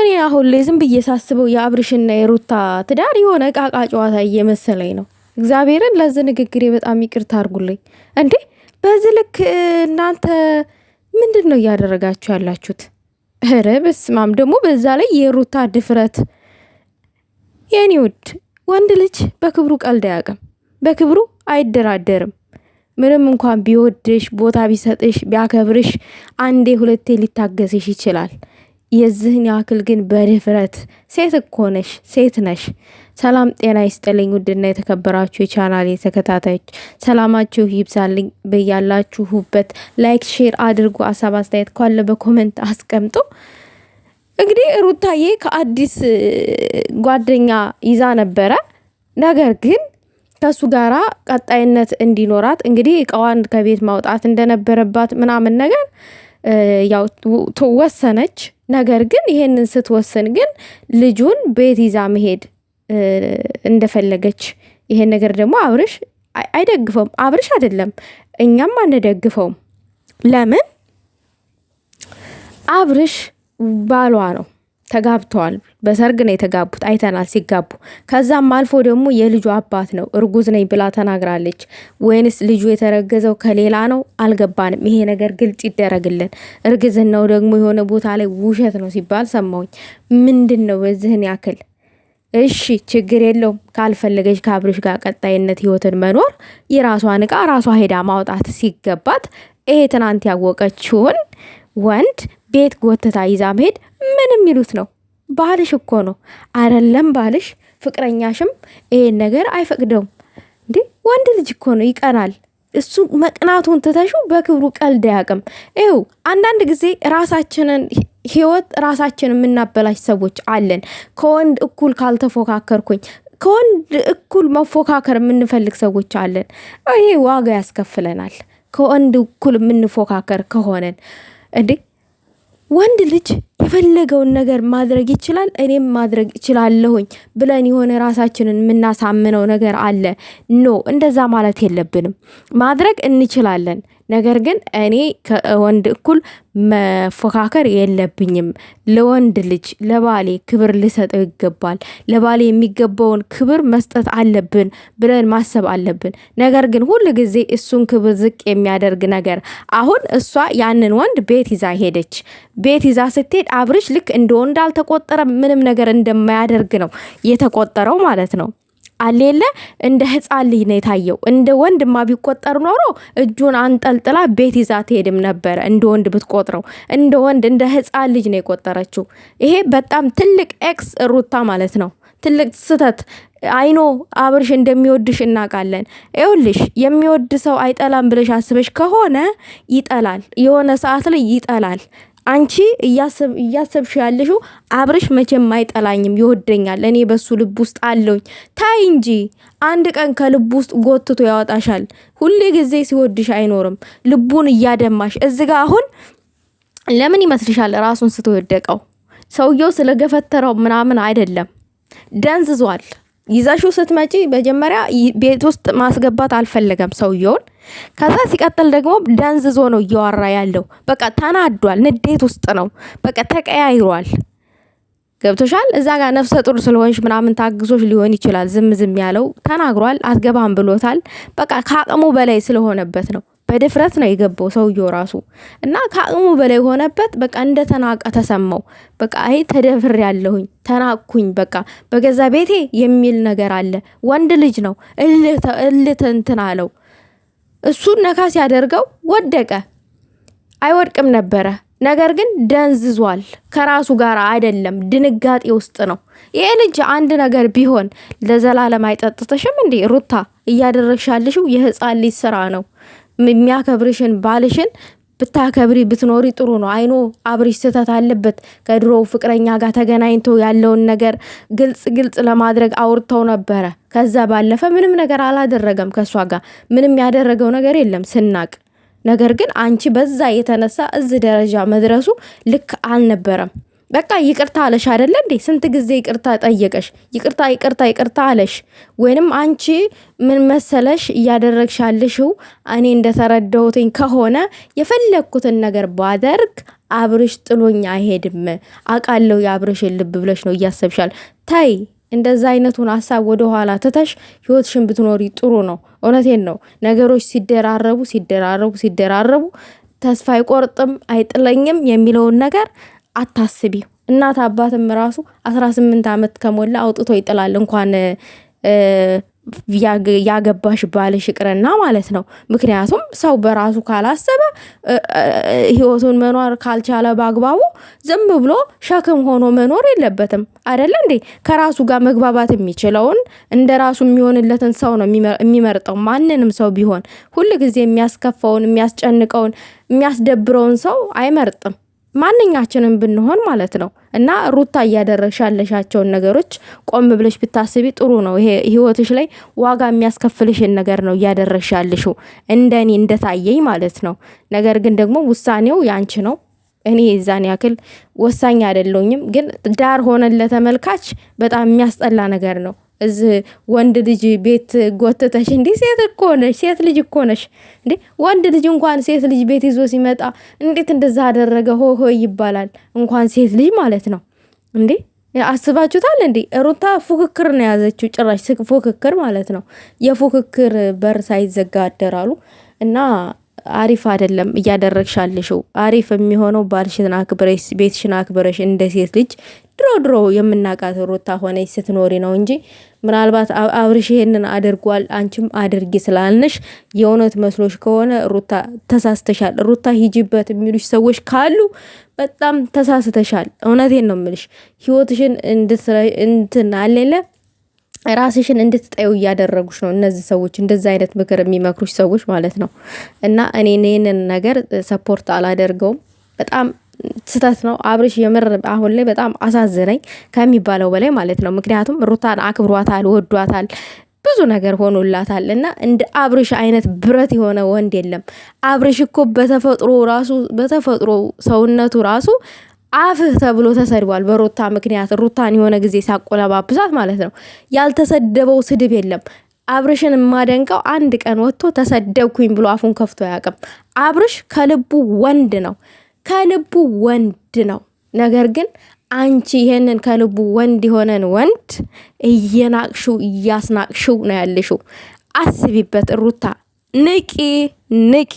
እኔ አሁን ላይ ዝም ብዬ ሳስበው የአብርሽና የሩታ ትዳር የሆነ እቃቃ ጨዋታ እየመሰለኝ ነው። እግዚአብሔርን ለዚህ ንግግሬ በጣም ይቅርታ አድርጉልኝ። እንዴ በዚህ ልክ እናንተ ምንድን ነው እያደረጋችሁ ያላችሁት? ኧረ በስማም! ደግሞ በዛ ላይ የሩታ ድፍረት። የኔ ውድ ወንድ ልጅ በክብሩ ቀልድ አያውቅም፣ በክብሩ አይደራደርም። ምንም እንኳን ቢወድሽ ቦታ ቢሰጥሽ ቢያከብርሽ አንዴ ሁለቴ ሊታገስሽ ይችላል። የዚህን ያክል ግን በድፍረት ሴት እኮ ነሽ፣ ሴት ነሽ። ሰላም ጤና ይስጥልኝ። ውድና የተከበራችሁ የቻናል የተከታታዮች ሰላማችሁ ይብዛልኝ በያላችሁበት። ላይክ፣ ሼር አድርጉ። አሳብ አስተያየት ካለ በኮመንት አስቀምጡ። እንግዲህ ሩታዬ ከአዲስ ጓደኛ ይዛ ነበረ። ነገር ግን ከሱ ጋራ ቀጣይነት እንዲኖራት እንግዲህ እቃዋን ከቤት ማውጣት እንደነበረባት ምናምን ነገር ያው ተወሰነች። ነገር ግን ይሄንን ስትወስን ግን ልጁን ቤት ይዛ መሄድ እንደፈለገች ይሄን ነገር ደግሞ አብርሽ አይደግፈውም። አብርሽ አይደለም እኛም አንደግፈውም። ለምን አብርሽ ባሏ ነው ተጋብተዋል። በሰርግ ነው የተጋቡት፣ አይተናል ሲጋቡ። ከዛም አልፎ ደግሞ የልጁ አባት ነው። እርጉዝ ነኝ ብላ ተናግራለች። ወይንስ ልጁ የተረገዘው ከሌላ ነው? አልገባንም። ይሄ ነገር ግልጽ ይደረግልን። እርግዝናው ደግሞ የሆነ ቦታ ላይ ውሸት ነው ሲባል ሰማሁኝ። ምንድን ነው በዚህን ያክል? እሺ ችግር የለውም ካልፈለገች ከአብርሽ ጋር ቀጣይነት ህይወትን መኖር የራሷን እቃ ራሷ ሄዳ ማውጣት ሲገባት ይሄ ትናንት ያወቀችውን ወንድ ቤት ጎትታ ይዛ መሄድ ምን የሚሉት ነው? ባልሽ እኮ ነው አረለም ባልሽ ፍቅረኛሽም ይሄን ነገር አይፈቅደውም እንዴ። ወንድ ልጅ እኮ ነው ይቀናል። እሱ መቅናቱን ትተሹ በክብሩ ቀልድ አያውቅም። ይው አንዳንድ ጊዜ ራሳችንን ህይወት ራሳችን የምናበላሽ ሰዎች አለን። ከወንድ እኩል ካልተፎካከርኩኝ ከወንድ እኩል መፎካከር የምንፈልግ ሰዎች አለን። ይሄ ዋጋ ያስከፍለናል። ከወንድ እኩል የምንፎካከር ከሆነን እንዴ ወንድ ልጅ የፈለገውን ነገር ማድረግ ይችላል፣ እኔም ማድረግ እችላለሁኝ ብለን የሆነ ራሳችንን የምናሳምነው ነገር አለ። ኖ እንደዛ ማለት የለብንም። ማድረግ እንችላለን። ነገር ግን እኔ ከወንድ እኩል መፎካከር የለብኝም። ለወንድ ልጅ ለባሌ ክብር ልሰጠው ይገባል። ለባሌ የሚገባውን ክብር መስጠት አለብን ብለን ማሰብ አለብን። ነገር ግን ሁል ጊዜ እሱን ክብር ዝቅ የሚያደርግ ነገር አሁን እሷ ያንን ወንድ ቤት ይዛ ሄደች። ቤት ይዛ ስትሄድ አብርሽ ልክ እንደ ወንድ ምንም ነገር እንደማያደርግ ነው የተቆጠረው ማለት ነው። አለ የለ እንደ ህፃን ልጅ ነው የታየው። እንደ ወንድማ ቢቆጠር ኖሮ እጁን አንጠልጥላ ቤት ይዛ ትሄድም ነበረ። እንደ ወንድ ብትቆጥረው እንደ ወንድ እንደ ህፃን ልጅ ነው የቆጠረችው። ይሄ በጣም ትልቅ ኤክስ ሩታ ማለት ነው ትልቅ ስህተት አይኖ አብርሽ እንደሚወድሽ እናውቃለን። ይኸውልሽ የሚወድ ሰው አይጠላም ብለሽ አስበሽ ከሆነ ይጠላል፣ የሆነ ሰዓት ላይ ይጠላል። አንቺ እያሰብሽ ያለሽው አብርሽ መቼም አይጠላኝም፣ ይወደኛል፣ እኔ በሱ ልብ ውስጥ አለውኝ። ታይ እንጂ አንድ ቀን ከልቡ ውስጥ ጎትቶ ያወጣሻል። ሁሌ ጊዜ ሲወድሽ አይኖርም፣ ልቡን እያደማሽ እዚ ጋ አሁን ለምን ይመስልሻል? ራሱን ስትወደቀው ሰውየው ስለገፈተረው ምናምን አይደለም፣ ደንዝዟል። ይዘሹ ስትመጪ መጀመሪያ ቤት ውስጥ ማስገባት አልፈለገም ሰውየውን። ከዛ ሲቀጥል ደግሞ ደንዝዞ ነው እያወራ ያለው። በቃ ተናዷል፣ ንዴት ውስጥ ነው። በቃ ተቀያይሯል። ገብቶሻል። እዛ ጋር ነፍሰ ጡር ስለሆንሽ ምናምን ታግዞች ሊሆን ይችላል ዝም ዝም ያለው። ተናግሯል፣ አትገባም ብሎታል። በቃ ከአቅሙ በላይ ስለሆነበት ነው። በድፍረት ነው የገባው ሰውየው ራሱ እና ከአቅሙ በላይ ሆነበት። በቃ እንደ ተናቀ ተሰማው። በቃ አይ ተደፍር ያለሁኝ ተናኩኝ፣ በቃ በገዛ ቤቴ የሚል ነገር አለ። ወንድ ልጅ ነው እልትንትን አለው። እሱን ነካ ሲያደርገው ወደቀ። አይወድቅም ነበረ ነገር ግን ደንዝዟል። ከራሱ ጋር አይደለም፣ ድንጋጤ ውስጥ ነው ይሄ ልጅ። አንድ ነገር ቢሆን ለዘላለም አይጠጥተሽም እንዴ ሩታ? እያደረግሻልሽው የህፃን ልጅ ስራ ነው። የሚያከብርሽን ባልሽን ብታከብሪ ብትኖሪ ጥሩ ነው። አይኖ አብርሽ ስህተት አለበት። ከድሮ ፍቅረኛ ጋር ተገናኝቶ ያለውን ነገር ግልጽ ግልጽ ለማድረግ አውርተው ነበረ። ከዛ ባለፈ ምንም ነገር አላደረገም። ከእሷ ጋር ምንም ያደረገው ነገር የለም ስናቅ። ነገር ግን አንቺ በዛ የተነሳ እዚህ ደረጃ መድረሱ ልክ አልነበረም። በቃ ይቅርታ አለሽ አይደለ እንዴ? ስንት ጊዜ ይቅርታ ጠየቀሽ? ይቅርታ ይቅርታ ይቅርታ አለሽ። ወይንም አንቺ ምን መሰለሽ እያደረግሽ ያለሽው እኔ እንደተረዳሁትኝ ከሆነ የፈለግኩትን ነገር ባደርግ አብርሽ ጥሎኝ አይሄድም፣ አቃለው የአብርሽ ልብ ብለሽ ነው እያሰብሻል። ታይ እንደዛ አይነቱን ሀሳብ ወደ ኋላ ትተሽ ህይወትሽን ብትኖሪ ጥሩ ነው። እውነቴን ነው። ነገሮች ሲደራረቡ ሲደራረቡ ሲደራረቡ ተስፋ አይቆርጥም አይጥለኝም የሚለውን ነገር አታስቢ። እናት አባትም ራሱ አስራ ስምንት ዓመት ከሞላ አውጥቶ ይጥላል እንኳን ያገባሽ ባልሽ ይቅርና ማለት ነው። ምክንያቱም ሰው በራሱ ካላሰበ ህይወቱን መኖር ካልቻለ በአግባቡ ዝም ብሎ ሸክም ሆኖ መኖር የለበትም። አይደለ እንዴ? ከራሱ ጋር መግባባት የሚችለውን እንደ ራሱ የሚሆንለትን ሰው ነው የሚመርጠው። ማንንም ሰው ቢሆን ሁል ጊዜ የሚያስከፋውን፣ የሚያስጨንቀውን፣ የሚያስደብረውን ሰው አይመርጥም። ማንኛችንም ብንሆን ማለት ነው እና ሩታ እያደረግሽ ያለሻቸውን ነገሮች ቆም ብለሽ ብታስቢ ጥሩ ነው። ይሄ ህይወትሽ ላይ ዋጋ የሚያስከፍልሽን ነገር ነው እያደረግሽ ያለሽው እንደኔ እንደታየኝ ማለት ነው። ነገር ግን ደግሞ ውሳኔው ያንቺ ነው። እኔ የዛን ያክል ወሳኝ አይደለኝም ግን ዳር ሆነን ለተመልካች በጣም የሚያስጠላ ነገር ነው። እዚህ ወንድ ልጅ ቤት ጎትተሽ እንዲህ ሴት እኮ ነሽ፣ ሴት ልጅ እኮ ነሽ ወንድ ልጅ እንኳን ሴት ልጅ ቤት ይዞ ሲመጣ እንዴት እንደዛ አደረገ ሆሆ ይባላል። እንኳን ሴት ልጅ ማለት ነው እንዴ! አስባችሁታል እንዴ? ሩታ ፉክክር ነው የያዘችው፣ ጭራሽ ፉክክር ማለት ነው። የፉክክር በር ሳይዘጋ አደራሉ እና አሪፍ አይደለም እያደረግሻለሽው። አሪፍ የሚሆነው ባልሽን አክብረሽ ቤትሽን አክብረሽ እንደ ሴት ልጅ ድሮ ድሮ የምናቃት ሩታ ሆነች ስትኖሪ ነው እንጂ ምናልባት አብርሽ ይሄንን አድርጓል አንቺም አድርጊ ስላልንሽ የእውነት መስሎሽ ከሆነ ሩታ ተሳስተሻል። ሩታ ሂጂበት የሚሉሽ ሰዎች ካሉ በጣም ተሳስተሻል። እውነቴን ነው የምልሽ ህይወትሽን እንትን አለለ ራስሽን እንድትጠዩ እያደረጉች ነው እነዚህ ሰዎች፣ እንደዚ አይነት ምክር የሚመክሩች ሰዎች ማለት ነው። እና እኔ ይህንን ነገር ሰፖርት አላደርገውም። በጣም ስህተት ነው። አብርሽ የምር አሁን ላይ በጣም አሳዘነኝ ከሚባለው በላይ ማለት ነው። ምክንያቱም ሩታን አክብሯታል፣ ወዷታል ብዙ ነገር ሆኖላታል እና እንደ አብርሽ አይነት ብረት የሆነ ወንድ የለም። አብርሽ እኮ በተፈጥሮ ራሱ በተፈጥሮ ሰውነቱ ራሱ አፍህ ተብሎ ተሰድቧል። በሩታ ምክንያት ሩታን የሆነ ጊዜ ብዛት ማለት ነው። ያልተሰደበው ስድብ የለም። አብርሽን የማደንቀው አንድ ቀን ወጥቶ ተሰደብኩኝ ብሎ አፉን ከፍቶ አያውቅም። አብርሽ ከልቡ ወንድ ነው፣ ከልቡ ወንድ ነው። ነገር ግን አንቺ ይሄንን ከልቡ ወንድ የሆነን ወንድ እየናቅሽው እያስናቅሽው ነው ያለሽው። አስቢበት ሩታ። ንቂ ንቂ